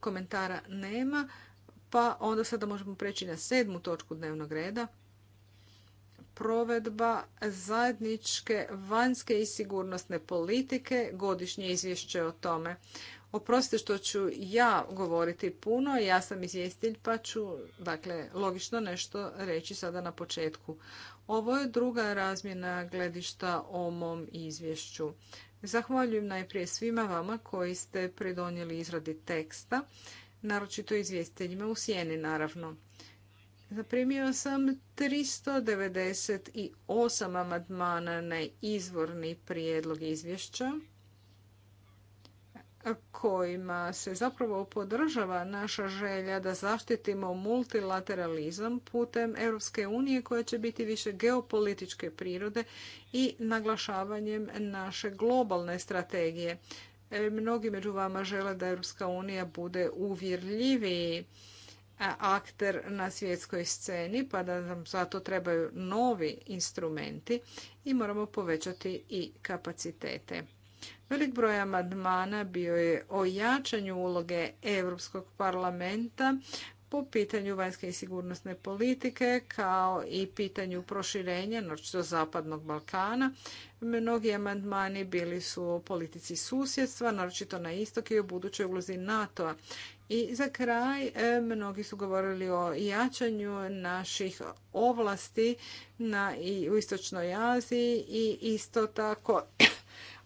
Komentara nema, pa onda sada možemo preći na sedmu točku dnevnog reda. Provedba zajedničke vanjske i sigurnosne politike, godišnje izvješće o tome. Oprostite što ću ja govoriti puno, ja sam izvjestilj pa ću, dakle, logično nešto reći sada na početku. Ovo je druga razmjena gledišta o mom izvješću. Zahvaljujem najprije svima vama koji ste pridonijeli izradi teksta, naročito izvjestiteljima u sjeni naravno. Zaprimio sam 398 amadmana na izvorni prijedlog izvješća kojima se zapravo podržava naša želja da zaštitimo multilateralizam putem Europske unije koja će biti više geopolitičke prirode i naglašavanjem naše globalne strategije. E, mnogi među vama žele da Europska unija bude uvjerljiviji e, akter na svjetskoj sceni, pa da nam zato trebaju novi instrumenti i moramo povećati i kapacitete. Velik broj amandmana bio je o jačanju uloge Europskog parlamenta po pitanju vanjske i sigurnosne politike kao i pitanju proširenja naročito Zapadnog Balkana. Mnogi amandmani bili su o politici susjedstva, naročito na istok i o budućoj ulozi NATO-a. I za kraj, e, mnogi su govorili o jačanju naših ovlasti na, i u Istočnoj Aziji i isto tako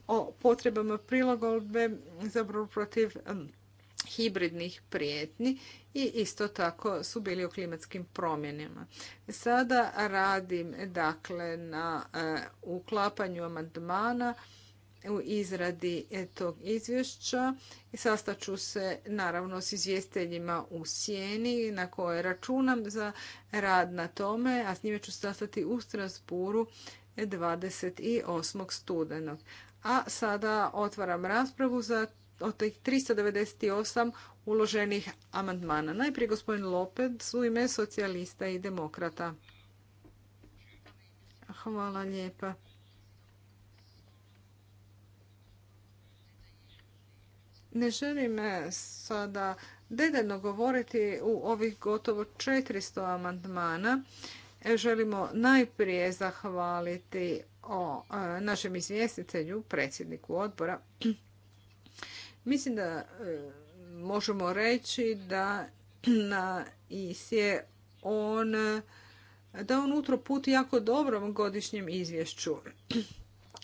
o potrebama prilagodbe za borbu protiv hibridnih prijetnji i isto tako su bili o klimatskim promjenama. Sada radim dakle na e, uklapanju amandmana u izradi e, tog izvješća i sastaću se naravno s izvjestiteljima u sjeni na koje računam za rad na tome, a s njime ću sastati u Strasburu 28. studenog. A sada otvaram raspravu za od tih 398 uloženih amandmana. Najprije gospodin lopet u ime socijalista i demokrata. Hvala lijepa. Ne želim eh, sada detaljno govoriti u ovih gotovo 400 amandmana. E, želimo najprije zahvaliti o e, našem izvjestitelju, predsjedniku odbora, mislim da e, možemo reći da na is je on e, da on utro put jako dobrom godišnjem izvješću.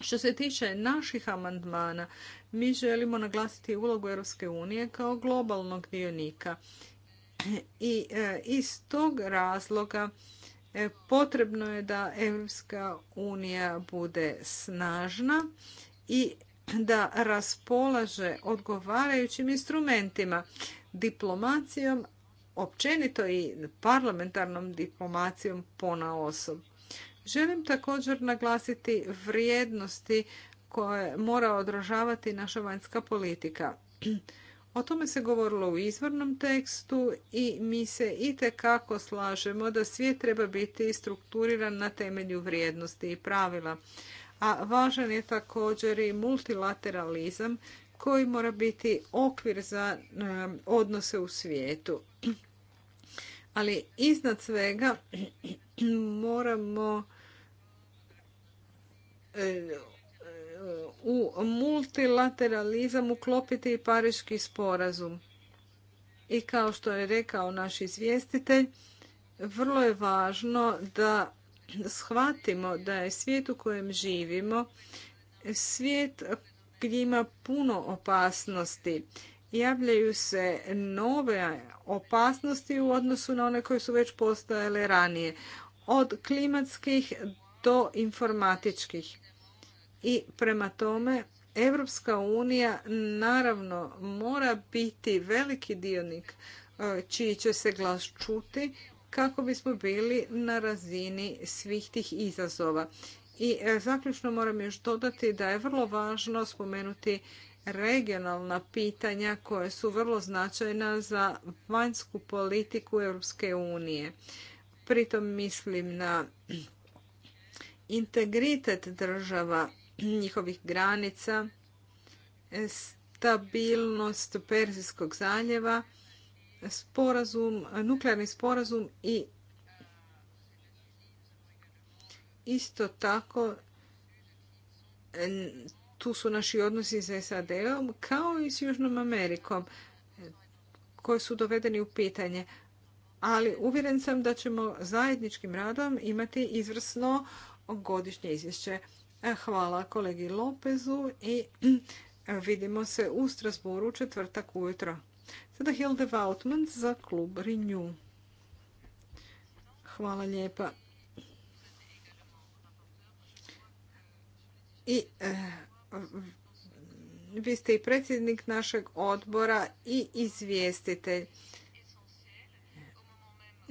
Što se tiče naših amandmana, mi želimo naglasiti ulogu Europske unije kao globalnog dionika. I iz tog razloga E, potrebno je da Europska unija bude snažna i da raspolaže odgovarajućim instrumentima, diplomacijom, općenito i parlamentarnom diplomacijom ponaosob. Želim također naglasiti vrijednosti koje mora odražavati naša vanjska politika. O tome se govorilo u izvornom tekstu i mi se itekako slažemo da svijet treba biti strukturiran na temelju vrijednosti i pravila. A važan je također i multilateralizam koji mora biti okvir za odnose u svijetu. Ali iznad svega moramo u multilateralizam uklopiti i Pariški sporazum. I kao što je rekao naš izvjestitelj, vrlo je važno da shvatimo da je svijet u kojem živimo svijet gdje ima puno opasnosti. Javljaju se nove opasnosti u odnosu na one koje su već postojale ranije, od klimatskih do informatičkih. I prema tome, Europska unija naravno mora biti veliki dionik e, čiji će se glas čuti kako bismo bili na razini svih tih izazova. I e, zaključno moram još dodati da je vrlo važno spomenuti regionalna pitanja koja su vrlo značajna za vanjsku politiku Europske unije. Pritom mislim na integritet država njihovih granica, stabilnost Perzijskog zaljeva, nuklearni sporazum i isto tako tu su naši odnosi sa SAD-om kao i s Južnom Amerikom koji su dovedeni u pitanje. Ali uvjeren sam da ćemo zajedničkim radom imati izvrsno godišnje izvješće. E, hvala kolegi Lopezu i vidimo se u Strasboru četvrtak ujutro. Sada Hilde za klub Renew. Hvala lijepa. I e, vi ste i predsjednik našeg odbora i izvjestitelj.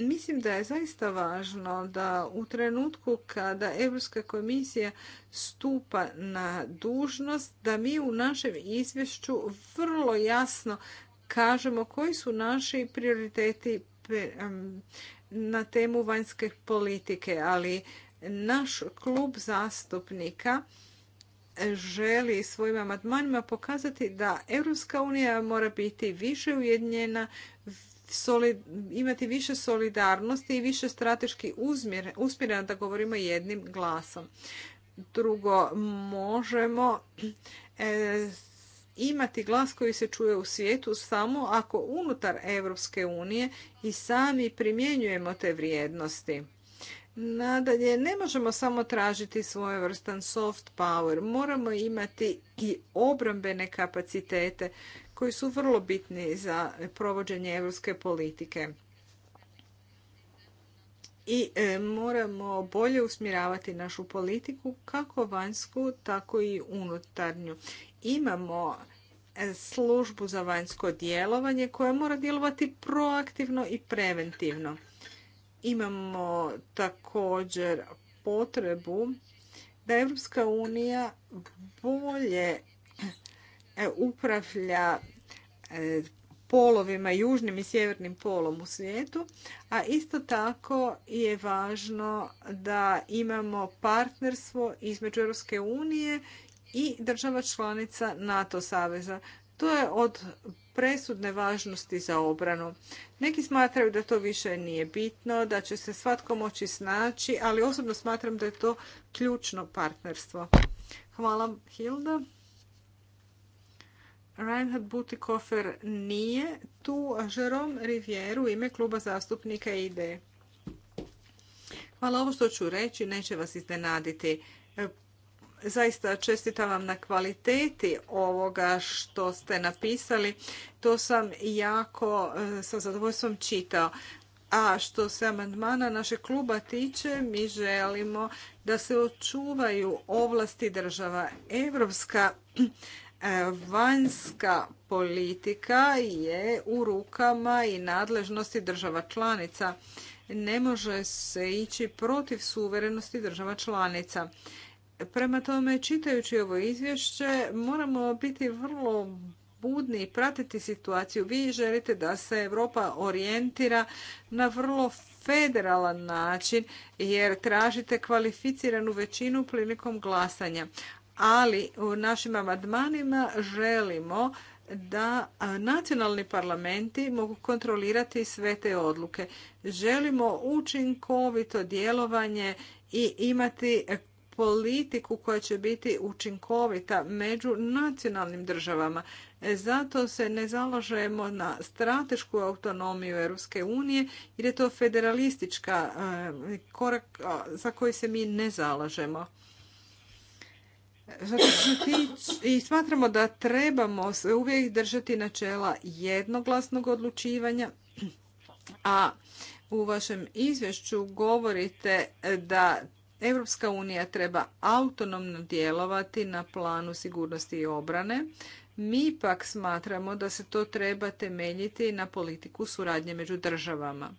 Mislim da je zaista važno da u trenutku kada Europska komisija stupa na dužnost, da mi u našem izvješću vrlo jasno kažemo koji su naši prioriteti na temu vanjske politike, ali naš klub zastupnika želi svojim amandmanima pokazati da Europska unija mora biti više ujednjena, imati više solidarnosti i više strateški usmjerena da govorimo jednim glasom. Drugo, možemo e, imati glas koji se čuje u svijetu samo ako unutar Europske unije i sami primjenjujemo te vrijednosti. Nadalje, ne možemo samo tražiti svojevrstan soft power, moramo imati i obrambene kapacitete koji su vrlo bitni za provođenje europske politike. I e, moramo bolje usmjeravati našu politiku kako vanjsku, tako i unutarnju. Imamo e, službu za vanjsko djelovanje koja mora djelovati proaktivno i preventivno. Imamo također potrebu da Europska unija bolje E, upravlja e, polovima, južnim i sjevernim polom u svijetu, a isto tako je važno da imamo partnerstvo između Europske unije i država članica NATO saveza. To je od presudne važnosti za obranu. Neki smatraju da to više nije bitno, da će se svatko moći snaći, ali osobno smatram da je to ključno partnerstvo. Hvala Hilda. Reinhard Butikofer nije tu, a Jerome Rivière u ime kluba zastupnika ide. Hvala, ovo što ću reći neće vas iznenaditi. E, zaista čestitam vam na kvaliteti ovoga što ste napisali. To sam jako e, sa zadovoljstvom čitao. A što se amandmana našeg kluba tiče, mi želimo da se očuvaju ovlasti država. Evropska E, vanjska politika je u rukama i nadležnosti država članica. Ne može se ići protiv suverenosti država članica. Prema tome, čitajući ovo izvješće, moramo biti vrlo budni i pratiti situaciju. Vi želite da se Europa orijentira na vrlo federalan način jer tražite kvalificiranu većinu prilikom glasanja ali u našim amandmanima želimo da nacionalni parlamenti mogu kontrolirati sve te odluke. Želimo učinkovito djelovanje i imati politiku koja će biti učinkovita među nacionalnim državama. E, zato se ne zalažemo na stratešku autonomiju Europske unije jer je to federalistička e, korak za koji se mi ne zalažemo i smatramo da trebamo se uvijek držati načela jednoglasnog odlučivanja, a u vašem izvješću govorite da Europska unija treba autonomno djelovati na planu sigurnosti i obrane. Mi pak smatramo da se to treba temeljiti na politiku suradnje među državama.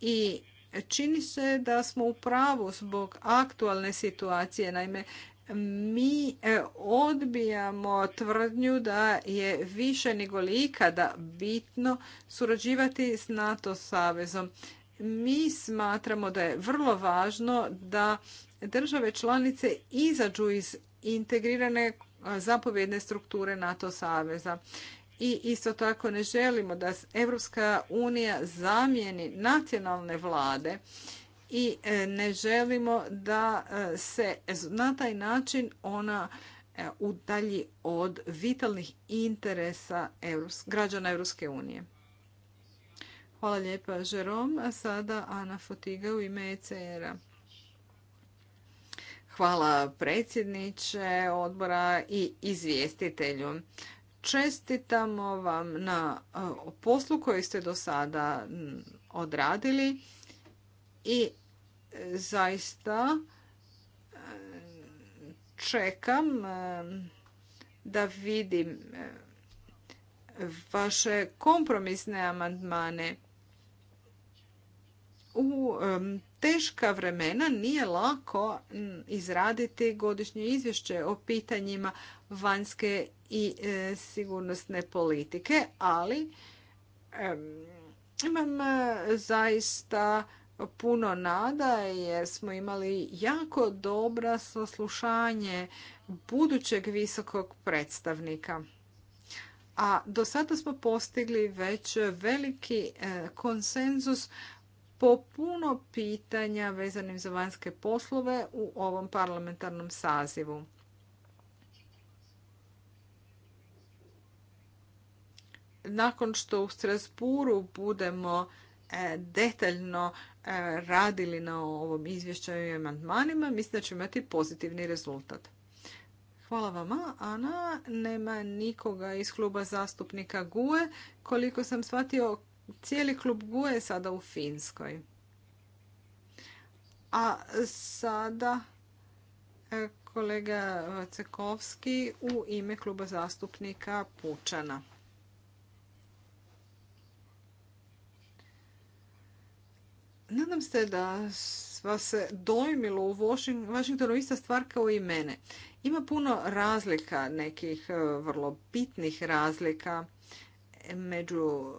I čini se da smo u pravu zbog aktualne situacije. Naime, mi e, odbijamo tvrdnju da je više nego li ikada bitno surađivati s NATO savezom. Mi smatramo da je vrlo važno da države članice izađu iz integrirane e, zapovjedne strukture NATO saveza. I isto tako ne želimo da Europska unija zamijeni nacionalne vlade i e, ne želimo da e, se na taj način ona e, udalji od vitalnih interesa građana Europske unije. Hvala lijepa, Žerom. A sada Ana Fotiga u ime ECR-a. Hvala predsjedniče odbora i izvjestitelju. Čestitamo vam na poslu koji ste do sada odradili i zaista čekam da vidim vaše kompromisne amandmane. U teška vremena nije lako izraditi godišnje izvješće o pitanjima vanjske i e, sigurnosne politike, ali imam e, zaista puno nada jer smo imali jako dobra saslušanje budućeg visokog predstavnika. A do sada smo postigli već veliki e, konsenzus po puno pitanja vezanim za vanjske poslove u ovom parlamentarnom sazivu. Nakon što u Strasburu budemo e, detaljno E, radili na ovom izvješću i amandmanima, mislim da će imati pozitivni rezultat. Hvala vama, Ana. Nema nikoga iz kluba zastupnika GUE. Koliko sam shvatio, cijeli klub GUE je sada u Finskoj. A sada e, kolega Cekovski u ime kluba zastupnika Pučana. Nadam se da vas dojmilo u Washingtonu ista stvar kao i mene. Ima puno razlika, nekih e, vrlo bitnih razlika među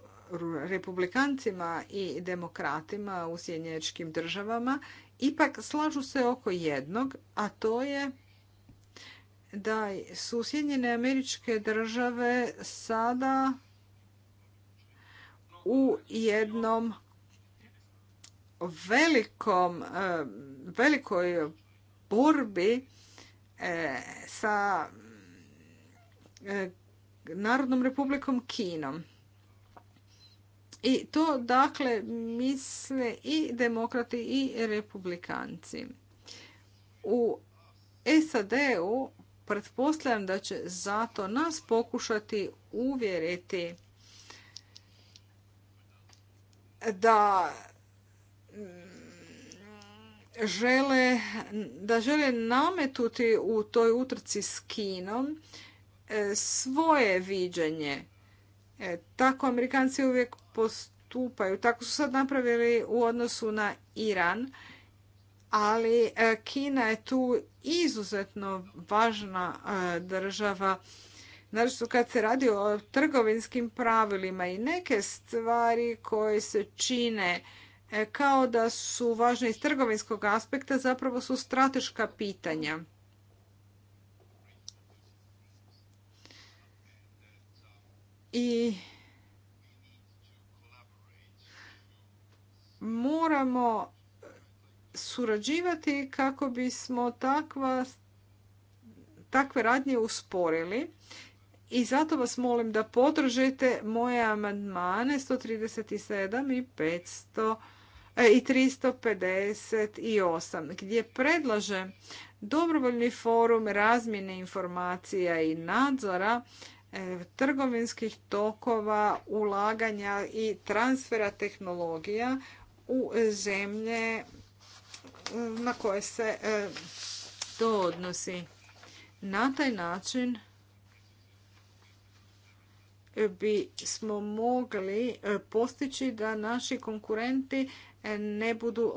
republikancima i demokratima u sjenječkim državama. Ipak slažu se oko jednog, a to je da su Sjedinjene američke države sada u jednom velikom, e, velikoj borbi e, sa e, Narodnom republikom Kinom. I to dakle misle i demokrati i republikanci. U SAD-u pretpostavljam da će zato nas pokušati uvjeriti da žele, da žele nametuti u toj utrci s Kinom e, svoje viđenje. E, tako Amerikanci uvijek postupaju. Tako su sad napravili u odnosu na Iran. Ali e, Kina je tu izuzetno važna država. Znači kad se radi o trgovinskim pravilima i neke stvari koje se čine E, kao da su važne iz trgovinskog aspekta, zapravo su strateška pitanja. I moramo surađivati kako bismo takva, takve radnje usporili. I zato vas molim da podržite moje amandmane 137 i 500. E, i 358 gdje predlaže dobrovoljni forum razmjene informacija i nadzora e, trgovinskih tokova, ulaganja i transfera tehnologija u zemlje e, na koje se to odnosi. Na taj način bi smo mogli postići da naši konkurenti ne budu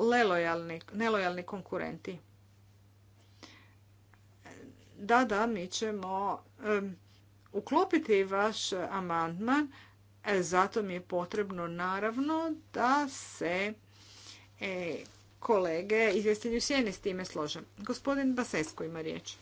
nelojalni konkurenti. Da, da, mi ćemo uklopiti vaš amandman. E, zato mi je potrebno naravno da se e, kolege u sjene s time slože. Gospodin Basesko ima riječ.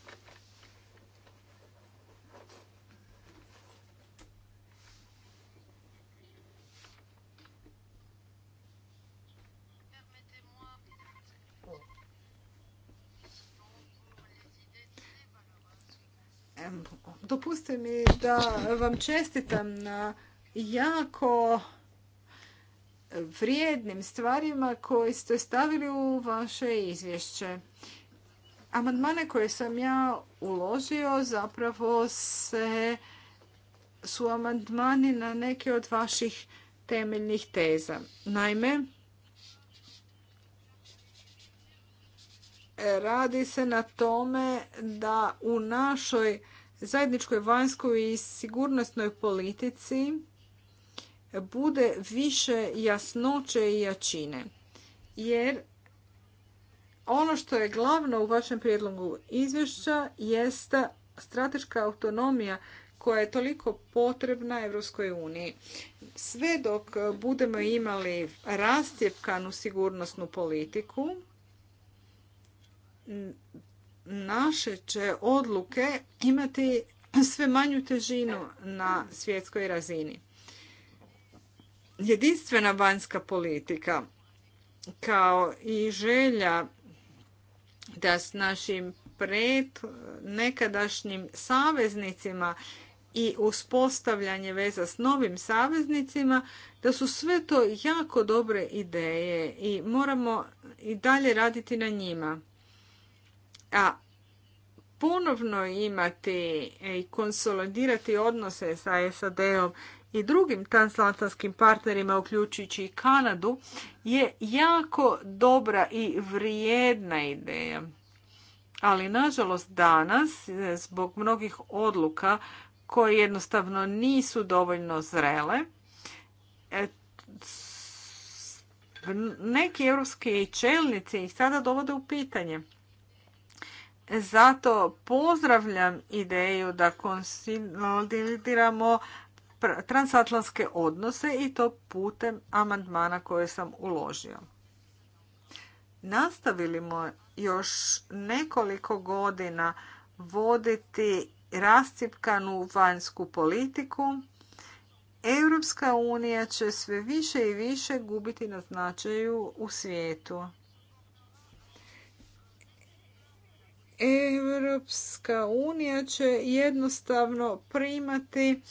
Dopustite mi da vam čestitam na jako vrijednim stvarima koje ste stavili u vaše izvješće. Amandmane koje sam ja uložio zapravo se su amandmani na neke od vaših temeljnih teza. Naime, radi se na tome da u našoj zajedničkoj vanjskoj i sigurnosnoj politici bude više jasnoće i jačine. Jer ono što je glavno u vašem prijedlogu izvješća jeste strateška autonomija koja je toliko potrebna Europskoj uniji. Sve dok budemo imali rastjepkanu sigurnosnu politiku, naše će odluke imati sve manju težinu na svjetskoj razini. Jedinstvena vanjska politika kao i želja da s našim pred nekadašnjim saveznicima i uspostavljanje veza s novim saveznicima, da su sve to jako dobre ideje i moramo i dalje raditi na njima. A ponovno imati i konsolidirati odnose sa SAD-om i drugim transatlantskim partnerima, uključujući i Kanadu, je jako dobra i vrijedna ideja. Ali, nažalost, danas, zbog mnogih odluka koje jednostavno nisu dovoljno zrele, e, neki europski čelnici ih sada dovode u pitanje. Zato pozdravljam ideju da konsolidiramo transatlantske odnose i to putem amandmana koje sam uložio. Nastavilimo još nekoliko godina voditi rascipkanu vanjsku politiku, Europska unija će sve više i više gubiti na značaju u svijetu. Europska unija će jednostavno primati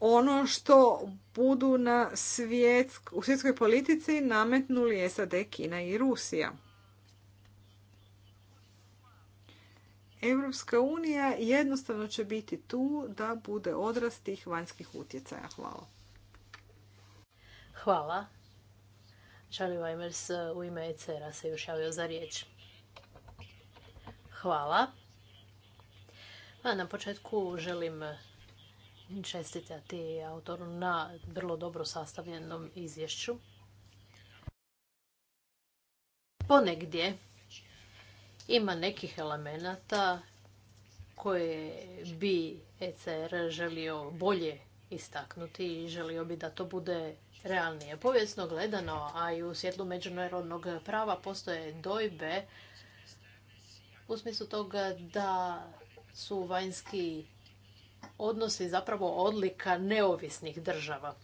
ono što budu na u svjetskoj politici nametnuli SAD, Kina i Rusija. Europska unija jednostavno će biti tu da bude odrast tih vanjskih utjecaja. Hvala. Hvala. Charlie Weimers u ime ECR-a se još javio za riječ. Hvala. na početku želim čestitati autoru na vrlo dobro sastavljenom izvješću. Ponegdje ima nekih elemenata koje bi ECR želio bolje istaknuti i želio bi da to bude realnije. Povijesno gledano, a i u svjetlu međunarodnog prava postoje dojbe u smislu toga da su vanjski odnosi zapravo odlika neovisnih država.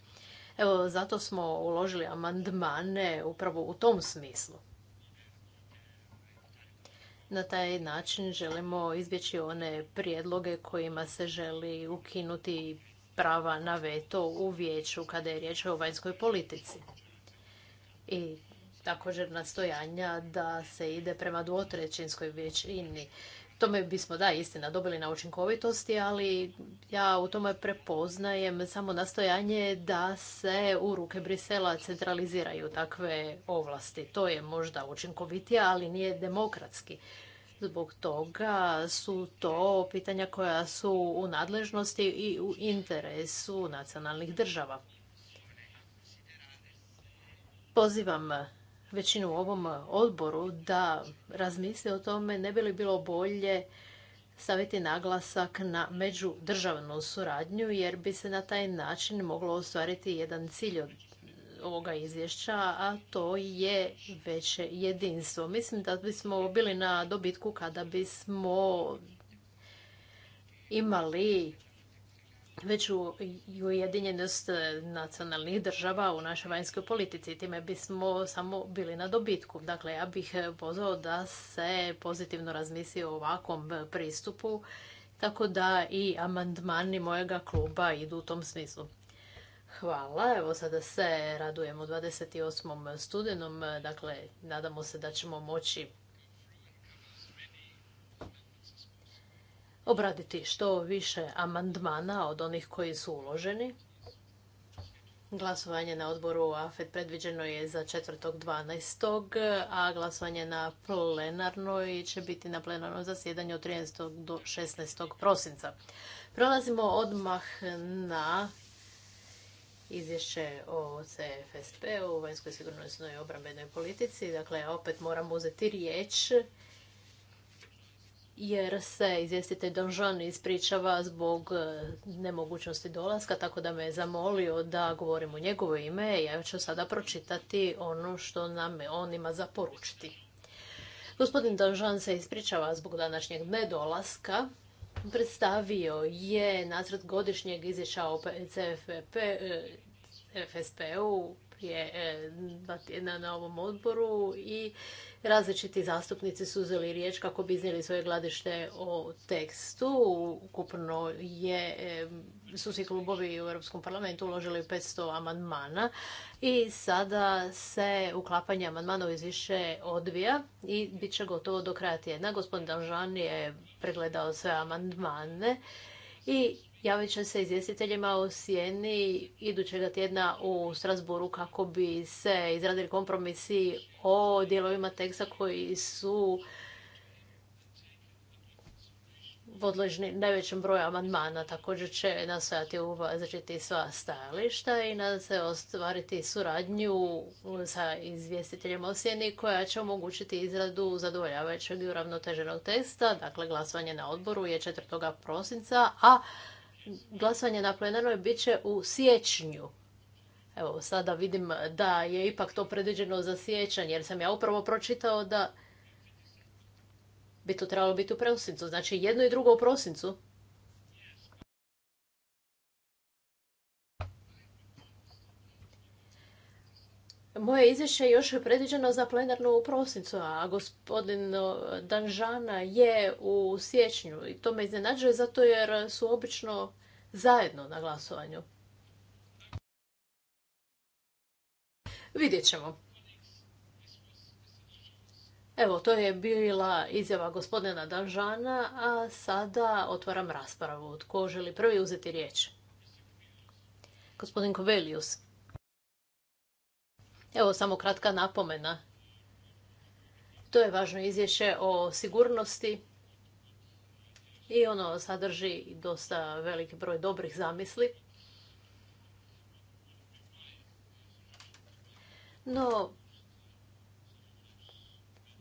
Evo, zato smo uložili amandmane upravo u tom smislu. Na taj način želimo izbjeći one prijedloge kojima se želi ukinuti prava na veto u vijeću kada je riječ o vanjskoj politici. I također nastojanja da se ide prema dvotrećinskoj većini. Tome bismo, da, istina, dobili na učinkovitosti, ali ja u tome prepoznajem samo nastojanje da se u ruke Brisela centraliziraju takve ovlasti. To je možda učinkovitije, ali nije demokratski. Zbog toga su to pitanja koja su u nadležnosti i u interesu nacionalnih država. Pozivam većinu u ovom e, odboru da razmisli o tome ne bi li bilo bolje staviti naglasak na međudržavnu suradnju jer bi se na taj način moglo ostvariti jedan cilj od ovoga izvješća, a to je veće jedinstvo. Mislim da bismo bili na dobitku kada bismo imali u ujedinjenost e, nacionalnih država u našoj vanjskoj politici. Time bismo samo bili na dobitku. Dakle, ja bih e, pozvao da se pozitivno razmisli o ovakvom e, pristupu, tako da i amandmani mojega kluba idu u tom smislu. Hvala. Evo sada se radujemo 28. studenom. Dakle, nadamo se da ćemo moći obraditi što više amandmana od onih koji su uloženi. Glasovanje na odboru AFED predviđeno je za 4.12. a glasovanje na plenarnoj će biti na plenarnom zasjedanju od 13. do 16. prosinca. Prelazimo odmah na izvješće o CFSP, u vanjskoj sigurnosnoj obrambenoj politici. Dakle, opet moram uzeti riječ jer se izvjestitelj Donžan ispričava zbog e, nemogućnosti dolaska, tako da me je zamolio da govorim u njegovo ime. Ja ću sada pročitati ono što nam on ima za poručiti. Gospodin Donžan se ispričava zbog današnjeg nedolaska. Predstavio je nacrt godišnjeg izvješća o CFP, FSP-u e, prije e, dva tjedna na ovom odboru i Različiti zastupnici su uzeli riječ kako bi iznijeli svoje gladište o tekstu. Ukupno je, su svi klubovi u Europskom parlamentu uložili 500 amandmana i sada se uklapanje amandmana u izviše odvija i bit će gotovo do kraja tjedna. Gospodin Danžan je pregledao sve amandmane i javit će se izvjestiteljima u Sijeni idućega tjedna u Strasburu kako bi se izradili kompromisi o dijelovima teksta koji su podložni najvećem broju amandmana. Također će nastojati uvažiti sva stajališta i nadam se ostvariti suradnju sa izvjestiteljima o koja će omogućiti izradu zadovoljavajućeg i uravnoteženog teksta. Dakle, glasovanje na odboru je 4. prosinca, a Glasanje na plenarnoj bit će u siječnju. Evo, sada vidim da je ipak to predviđeno za siječanj jer sam ja upravo pročitao da bi to trebalo biti u prosincu. Znači jedno i drugo u prosincu. Moje izvješće još je predviđeno za plenarnu u prosincu, a gospodin Danžana je u siječnju i to me iznenađuje zato jer su obično zajedno na glasovanju. Vidjet ćemo. Evo, to je bila izjava gospodina Danžana, a sada otvaram raspravu. Tko želi prvi uzeti riječ? Gospodin Kovelius. Evo samo kratka napomena. To je važno izvješće o sigurnosti i ono sadrži dosta veliki broj dobrih zamisli. No,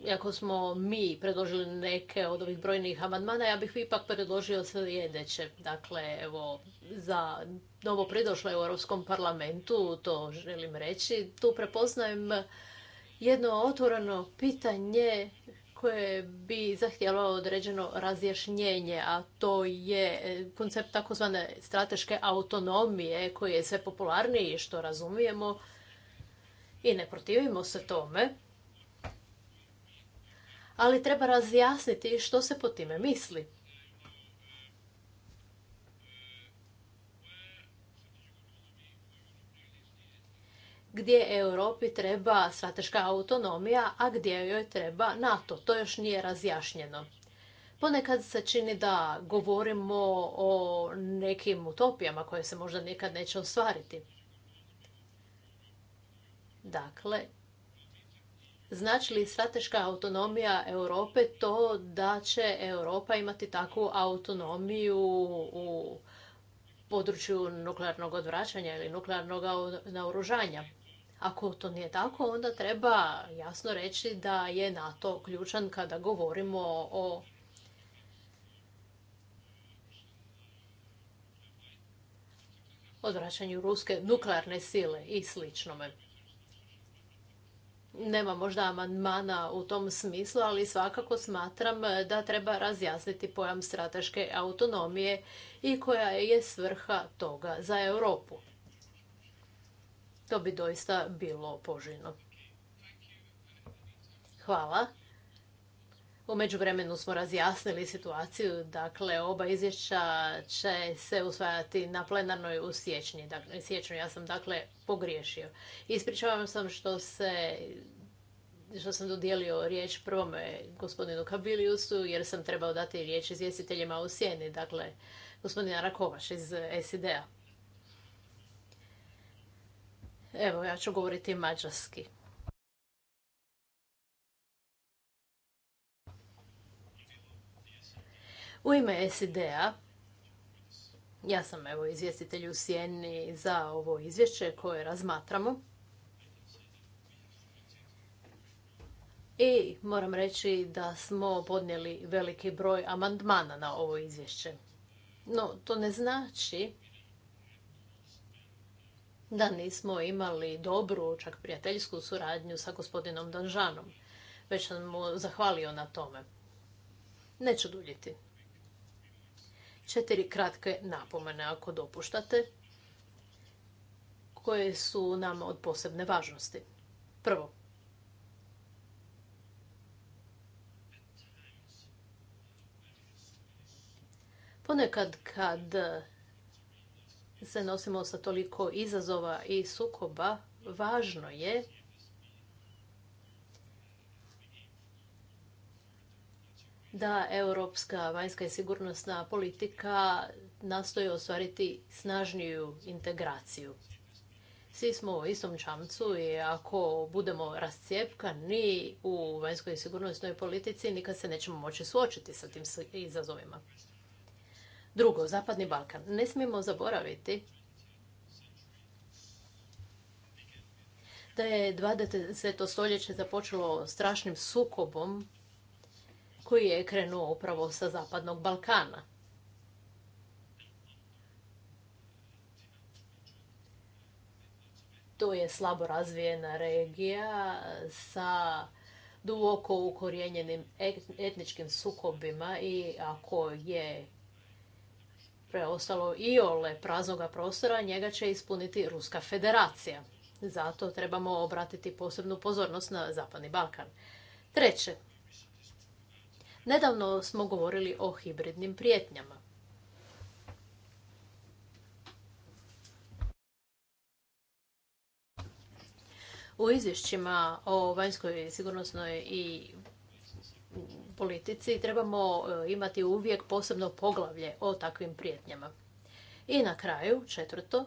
iako smo mi predložili neke od ovih brojnih amandmana, ja bih ipak predložio sljedeće. Dakle, evo, za novo pridošle u Europskom parlamentu, to želim reći, tu prepoznajem jedno otvoreno pitanje koje bi zahtijevalo određeno razjašnjenje, a to je koncept takozvane strateške autonomije koji je sve popularniji što razumijemo i ne protivimo se tome ali treba razjasniti što se po time misli. gdje Europi treba strateška autonomija, a gdje joj treba NATO. To još nije razjašnjeno. Ponekad se čini da govorimo o nekim utopijama koje se možda nikad neće ostvariti. Dakle, Znači li strateška autonomija Europe to da će Europa imati takvu autonomiju u području nuklearnog odvraćanja ili nuklearnog naoružanja? Ako to nije tako, onda treba jasno reći da je NATO ključan kada govorimo o odvraćanju ruske nuklearne sile i sličnome nema možda amandmana u tom smislu, ali svakako smatram da treba razjasniti pojam strateške autonomije i koja je svrha toga za Europu. To bi doista bilo poželjno. Hvala. U međuvremenu smo razjasnili situaciju, dakle oba izvješća će se usvajati na plenarnoj u siječnji. Dakle, siječnju ja sam dakle pogriješio. Ispričavam sam što se što sam dodijelio riječ prvome gospodinu Kabiliusu, jer sam trebao dati riječ izvjestiteljima u sjeni, dakle gospodina Rakovaš iz SID-a. Evo, ja ću govoriti mađarski. U ime SID-a ja sam evo izvjestitelj u Sjeni za ovo izvješće koje razmatramo. I moram reći da smo podnijeli veliki broj amandmana na ovo izvješće. No, to ne znači da nismo imali dobru, čak prijateljsku suradnju sa gospodinom Danžanom. Već sam mu zahvalio na tome. Neću duljiti četiri kratke napomene, ako dopuštate, koje su nam od posebne važnosti. Prvo, ponekad kad se nosimo sa toliko izazova i sukoba, važno je da europska vanjska i sigurnosna politika nastoji ostvariti snažniju integraciju. Svi smo u istom čamcu i ako budemo rascijepkani u vanjskoj i sigurnosnoj politici, nikad se nećemo moći suočiti sa tim izazovima. Drugo, Zapadni Balkan. Ne smijemo zaboraviti da je 20. stoljeće započelo strašnim sukobom koji je krenuo upravo sa Zapadnog Balkana. To je slabo razvijena regija sa duboko ukorijenjenim etničkim sukobima i ako je preostalo i ole praznoga prostora, njega će ispuniti Ruska federacija. Zato trebamo obratiti posebnu pozornost na Zapadni Balkan. Treće, Nedavno smo govorili o hibridnim prijetnjama. U izvješćima o vanjskoj sigurnosnoj i politici trebamo e, imati uvijek posebno poglavlje o takvim prijetnjama. I na kraju, četvrto,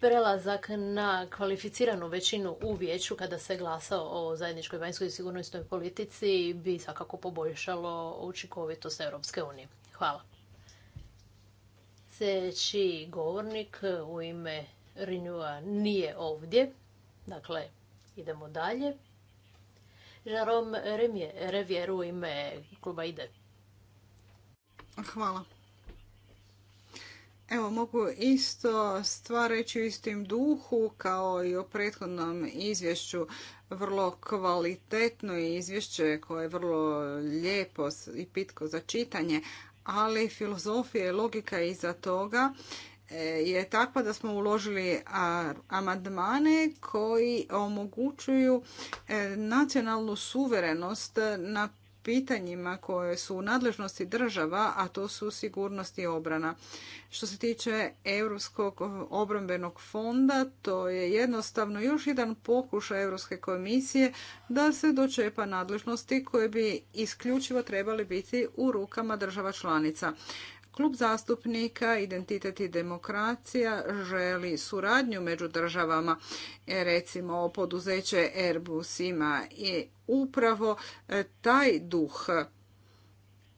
prelazak na kvalificiranu većinu u vijeću kada se glasa o zajedničkoj vanjskoj i sigurnosnoj politici bi svakako poboljšalo učinkovitost Europske unije. Hvala. Sljedeći govornik u ime Renewa nije ovdje. Dakle, idemo dalje. Žarom u ime kluba IDE. Hvala. Evo, mogu isto stvar reći u istim duhu kao i o prethodnom izvješću. Vrlo kvalitetno izvješće koje je vrlo lijepo i pitko za čitanje, ali filozofija i logika iza toga e, je takva da smo uložili amandmane koji omogućuju e, nacionalnu suverenost na pitanjima koje su u nadležnosti država, a to su sigurnost i obrana. Što se tiče Europskog obrambenog fonda, to je jednostavno još jedan pokušaj Europske komisije da se dočepa nadležnosti koje bi isključivo trebali biti u rukama država članica. Klub zastupnika Identitet i demokracija želi suradnju među državama. E, recimo, poduzeće Airbus ima i upravo e, taj duh.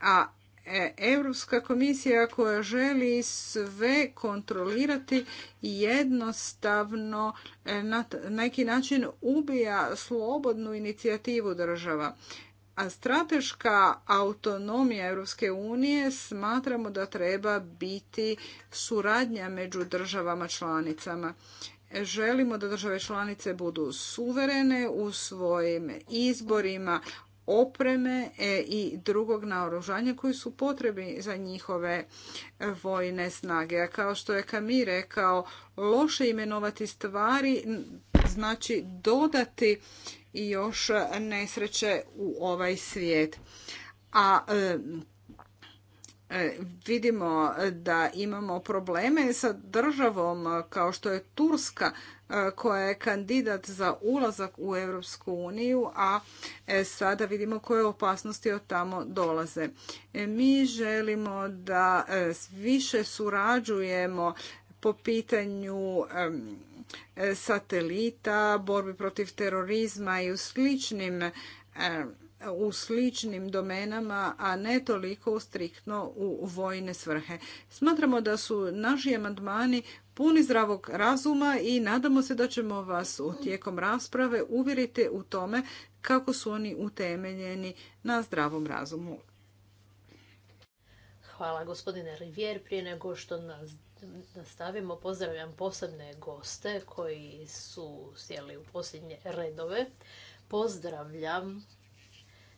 A e, Europska komisija koja želi sve kontrolirati jednostavno na neki način ubija slobodnu inicijativu država. A strateška autonomija Europske unije smatramo da treba biti suradnja među državama članicama. Želimo da države članice budu suverene u svojim izborima opreme e, i drugog naoružanja koji su potrebi za njihove vojne snage. A kao što je Kami rekao, loše imenovati stvari znači dodati još nesreće u ovaj svijet. A e, e, vidimo da imamo probleme sa državom kao što je Turska e, koja je kandidat za ulazak u Europsku uniju, a sada vidimo koje opasnosti od tamo dolaze. Mi želimo da više surađujemo po pitanju E, satelita, borbi protiv terorizma i u sličnim e, u domenama, a ne toliko striktno u vojne svrhe. Smatramo da su naši amandmani puni zdravog razuma i nadamo se da ćemo vas u tijekom rasprave uvjeriti u tome kako su oni utemeljeni na zdravom razumu. Hvala gospodine Rivier. Prije nego što nas nastavimo. Pozdravljam posebne goste koji su sjeli u posljednje redove. Pozdravljam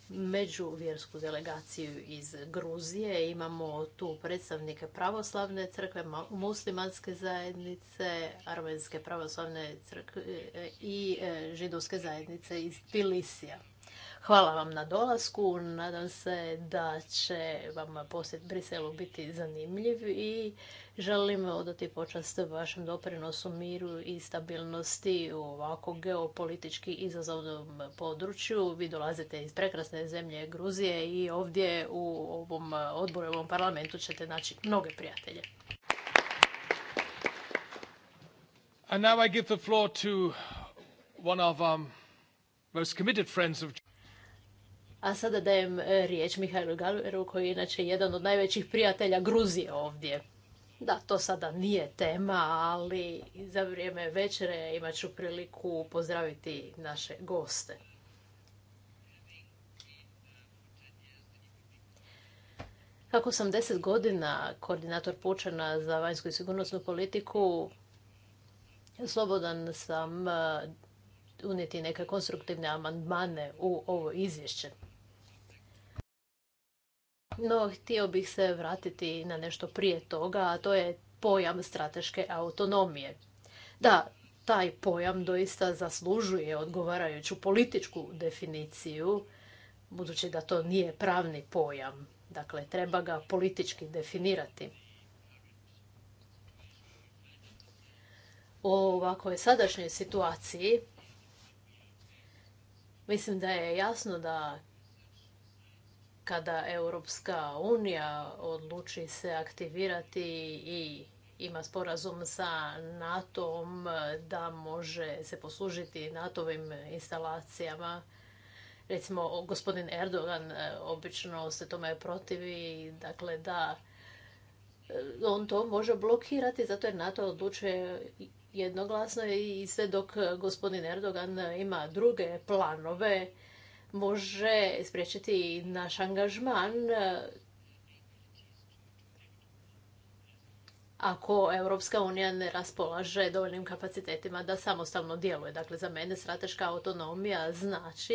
međuvjersku delegaciju iz Gruzije. Imamo tu predstavnike pravoslavne crkve, muslimanske zajednice, armenske pravoslavne crkve e, i e, židovske zajednice iz Pilisija. Hvala vam na dolasku. Nadam se da će vam posjet Briselu biti zanimljiv i želim odati počast vašem doprinosu miru i stabilnosti u ovako geopolitički izazovnom području. Vi dolazite iz prekrasne zemlje Gruzije i ovdje u ovom odboru, u ovom parlamentu ćete naći mnoge prijatelje. And now I give the floor to one of um, most committed friends of a sada dajem e, riječ Mihajlu Galveru, koji je inače jedan od najvećih prijatelja Gruzije ovdje. Da, to sada nije tema, ali za vrijeme večere imat ću priliku pozdraviti naše goste. Kako sam deset godina koordinator Pučana za vanjsku i sigurnosnu politiku, slobodan sam e, unijeti neke konstruktivne amandmane u ovo izvješće. No, htio bih se vratiti na nešto prije toga, a to je pojam strateške autonomije. Da, taj pojam doista zaslužuje odgovarajuću političku definiciju, budući da to nije pravni pojam. Dakle, treba ga politički definirati. U ovakvoj sadašnjoj situaciji mislim da je jasno da kada Europska unija odluči se aktivirati i ima sporazum sa NATO-om da može se poslužiti NATO-vim instalacijama. Recimo, gospodin Erdogan e, obično se tome protivi, dakle da e, on to može blokirati zato jer NATO odlučuje jednoglasno i sve dok gospodin Erdogan ima druge planove može spriječiti naš angažman eh, ako Europska unija ne raspolaže dovoljnim kapacitetima da samostalno djeluje. Dakle, za mene strateška autonomija znači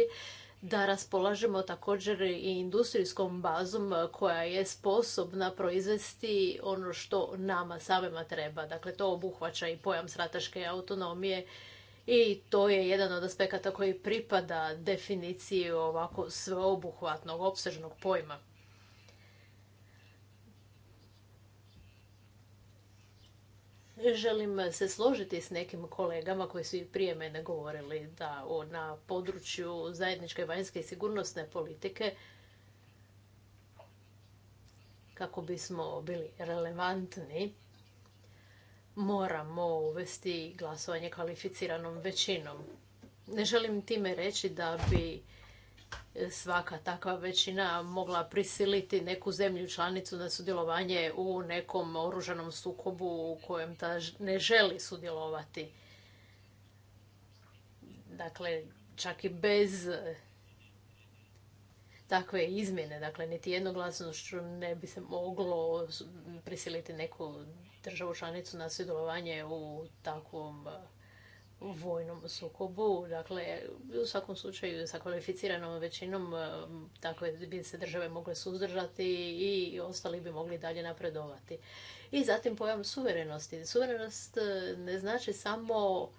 da raspolažemo također i industrijskom bazom koja je sposobna proizvesti ono što nama samima treba. Dakle, to obuhvaća i pojam strateške autonomije i to je jedan od aspekata koji pripada definiciji ovako sveobuhvatnog, opsežnog pojma. Želim se složiti s nekim kolegama koji su i prije mene govorili da na području zajedničke vanjske i sigurnosne politike kako bismo bili relevantni moramo uvesti glasovanje kvalificiranom većinom. Ne želim time reći da bi svaka takva većina mogla prisiliti neku zemlju članicu na sudjelovanje u nekom oružanom sukobu u kojem ta ne želi sudjelovati. Dakle, čak i bez takve izmjene. Dakle, niti jednoglasnošću ne bi se moglo prisiliti neku državu članicu na sudjelovanje u takvom e, vojnom sukobu. Dakle, u svakom slučaju sa kvalificiranom većinom e, takve bi se države mogle suzdržati i ostali bi mogli dalje napredovati. I zatim pojam suverenosti. Suverenost e, ne znači samo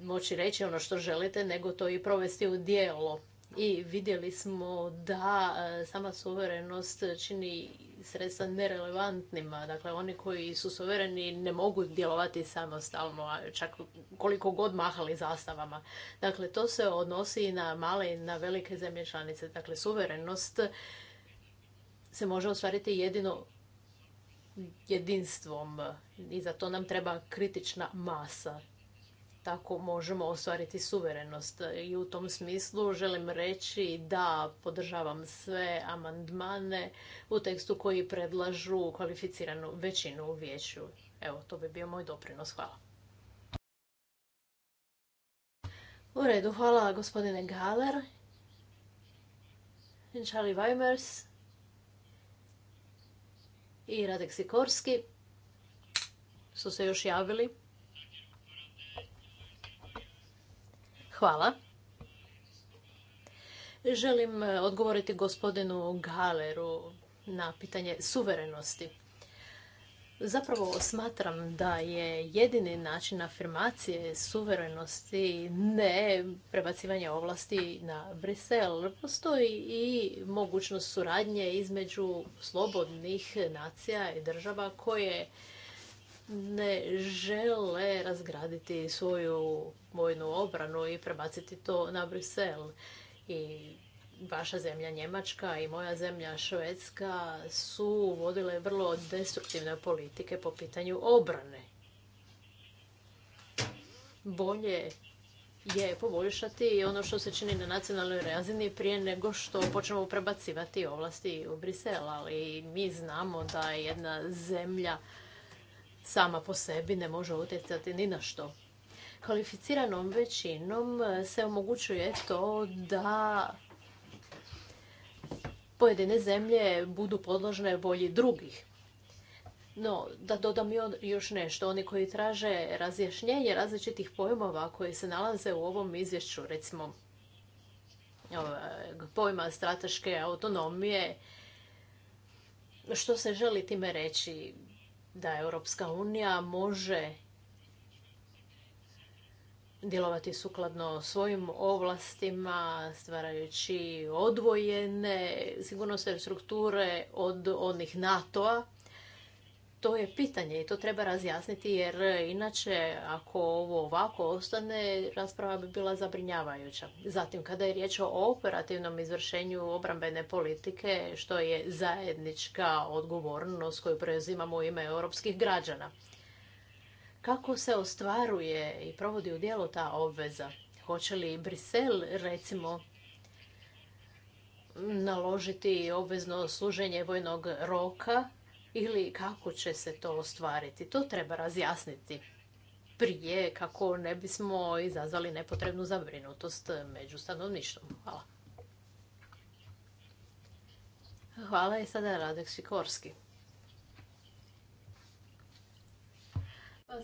moći reći ono što želite, nego to i provesti u dijelo i vidjeli smo da e, sama suverenost čini sredstva nerelevantnima. Dakle, oni koji su suvereni ne mogu djelovati samostalno, čak koliko god mahali zastavama. Dakle, to se odnosi i na male i na velike zemlje članice. Dakle, suverenost se može ostvariti jedino jedinstvom i za to nam treba kritična masa tako možemo ostvariti suverenost. I u tom smislu želim reći da podržavam sve amandmane u tekstu koji predlažu kvalificiranu većinu u vijeću. Evo, to bi bio moj doprinos. Hvala. U redu, hvala gospodine Galer. Charlie Weimers i Radek Sikorski su se još javili. Hvala. Želim e, odgovoriti gospodinu Galeru na pitanje suverenosti. Zapravo smatram da je jedini način afirmacije suverenosti ne prebacivanje ovlasti na Brisel. Postoji i mogućnost suradnje između slobodnih nacija i država koje ne žele razgraditi svoju vojnu obranu i prebaciti to na Brisel. I vaša zemlja Njemačka i moja zemlja Švedska su vodile vrlo destruktivne politike po pitanju obrane. Bolje je poboljšati ono što se čini na nacionalnoj razini prije nego što počnemo prebacivati ovlasti u Brisel, ali mi znamo da je jedna zemlja sama po sebi ne može utjecati ni na što. Kvalificiranom većinom e, se omogućuje to da pojedine zemlje budu podložne volji drugih. No, da dodam još nešto, oni koji traže razjašnjenje različitih pojmova koji se nalaze u ovom izvješću, recimo e, pojma strateške autonomije, što se želi time reći? da Europska unija može djelovati sukladno svojim ovlastima, stvarajući odvojene sigurnosne strukture od onih NATO-a to je pitanje i to treba razjasniti jer e, inače ako ovo ovako ostane rasprava bi bila zabrinjavajuća. Zatim kada je riječ o operativnom izvršenju obrambene politike što je zajednička odgovornost koju preuzimamo u ime europskih građana. Kako se ostvaruje i provodi u dijelu ta obveza? Hoće li Brisel recimo naložiti obvezno služenje vojnog roka ili kako će se to ostvariti. To treba razjasniti prije kako ne bismo izazvali nepotrebnu zabrinutost među stanovništvom. Hvala. Hvala i sada Radek Sikorski. Pa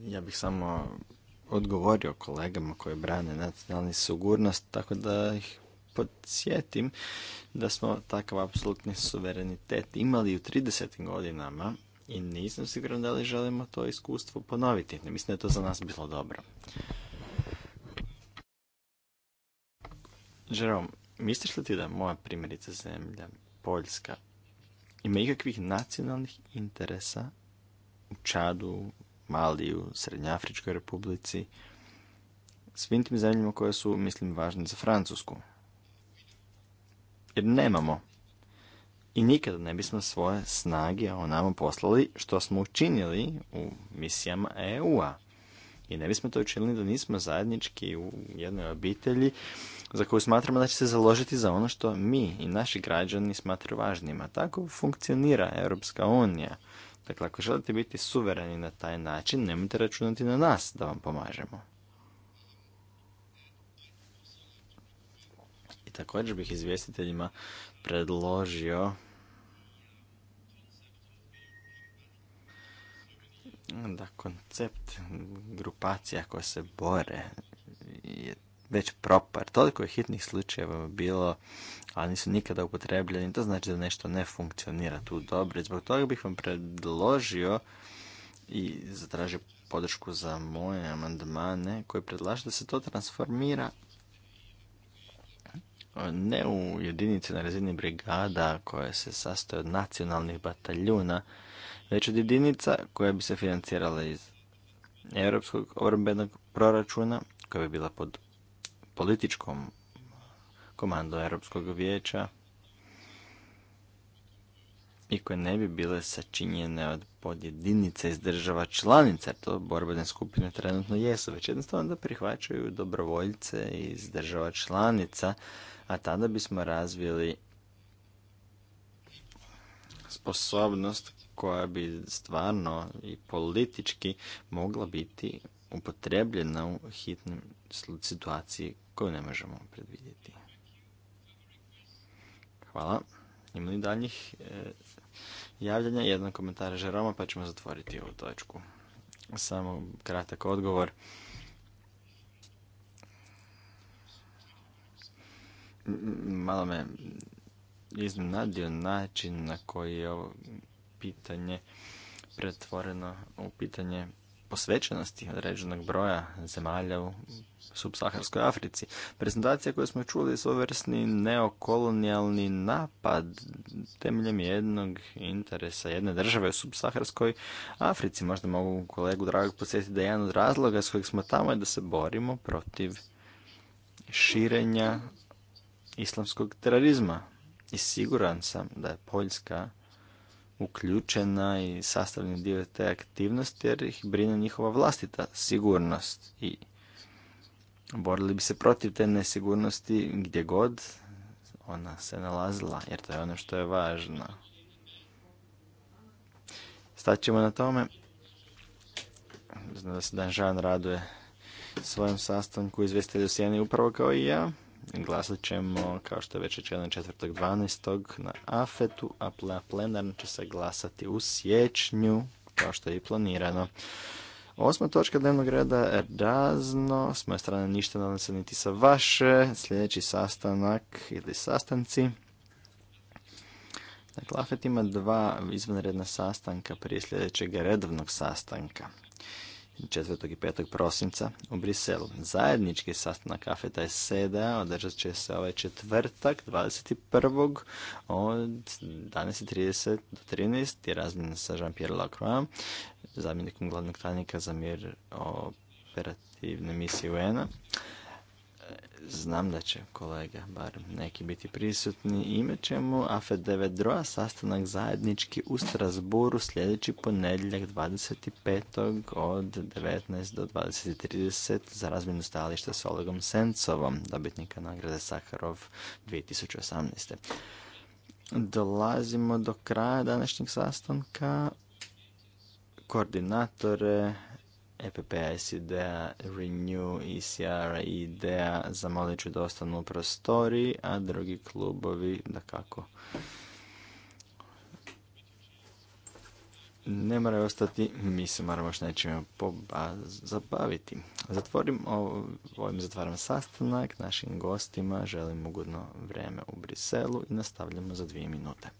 ja bih samo odgovorio kolegama koji brane nacionalni sigurnost, tako da ih podsjetim da smo takav apsolutni suverenitet imali u 30. godinama i nisam siguran da li želimo to iskustvo ponoviti. Ne mislim da je to za nas bilo dobro. Žerom, misliš li ti da moja primjerica zemlja, Poljska, ima ikakvih nacionalnih interesa u Čadu, Maliju, Srednjafričkoj republici, svim tim zemljama koje su, mislim, važne za Francusku? jer nemamo. I nikada ne bismo svoje snage o nama poslali što smo učinili u misijama EU-a. I ne bismo to učinili da nismo zajednički u jednoj obitelji za koju smatramo da će se založiti za ono što mi i naši građani smatraju važnima. Tako funkcionira Europska unija. Dakle, ako želite biti suvereni na taj način, nemojte računati na nas da vam pomažemo. Također bih izvjestiteljima predložio da koncept grupacija koje se bore je već propar. Toliko je hitnih slučajeva bilo, ali nisu nikada upotrebljeni. To znači da nešto ne funkcionira tu dobro. zbog toga bih vam predložio i zatražio podršku za moje amandmane koji predlaže da se to transformira ne u jedinici na razini brigada koja se sastoji od nacionalnih bataljuna, već od jedinica koja bi se financirala iz europskog obrambenog proračuna, koja bi bila pod političkom komandom Europskog vijeća, i koje ne bi bile sačinjene od podjedinice iz država članica, jer to borbene skupine trenutno jesu, već jednostavno da prihvaćaju dobrovoljce iz država članica, a tada bismo razvili sposobnost koja bi stvarno i politički mogla biti upotrebljena u hitnim situaciji koju ne možemo predvidjeti. Hvala. Ima li daljih e, javljanja. Jedan komentar Žeroma pa ćemo zatvoriti ovu točku. Samo kratak odgovor. Malo me iznenadio način na koji je ovo pitanje pretvoreno u pitanje posvećenosti određenog broja zemalja u subsaharskoj Africi. Prezentacija koju smo čuli je svojevrsni neokolonijalni napad temeljem jednog interesa jedne države u subsaharskoj Africi. Možda mogu kolegu dragog posjetiti da je jedan od razloga s kojeg smo tamo je da se borimo protiv širenja islamskog terorizma. I siguran sam da je Poljska uključena i sastavni dio te aktivnosti jer ih brine njihova vlastita sigurnost i borili bi se protiv te nesigurnosti gdje god ona se nalazila jer to je ono što je važno. ćemo na tome. Znam da se Dan Žan raduje svojem sastanku izvestelju Sjeni upravo kao i ja. Glasat ćemo, kao što je već rečeno, 12. na afetu, a plenarno će se glasati u siječnju, kao što je i planirano. Osma točka dnevnog reda razno, s moje strane ništa nadam se niti sa vaše, sljedeći sastanak ili sastanci. Dakle, AFET ima dva izvanredna sastanka prije sljedećeg redovnog sastanka. 4. i 5. prosinca u Briselu. Zajednički sastanak AFETA je SEDA održat će se ovaj četvrtak 21. od 11.30 do 13. je razmjena sa Jean-Pierre Lacroix, zamjenikom glavnog tajnika za mir operativne misije UN-a znam da će kolega, bar neki biti prisutni, imat ćemo AF9 sastanak zajednički u Strasboru sljedeći ponedjeljak 25. od 19. do 20.30 za razmjenu stajališta s Olegom Sencovom, dobitnika nagrade Sakarov 2018. Dolazimo do kraja današnjeg sastanka. Koordinatore EPPS ideja, Renew, ecr IDEA zamolit ću da ostanu u prostoriji, a drugi klubovi da kako ne moraju ostati, mi se moramo još nečime zabaviti. Zatvorim, ovim zatvaram sastanak, našim gostima želim ugodno vreme u Briselu i nastavljamo za dvije minute.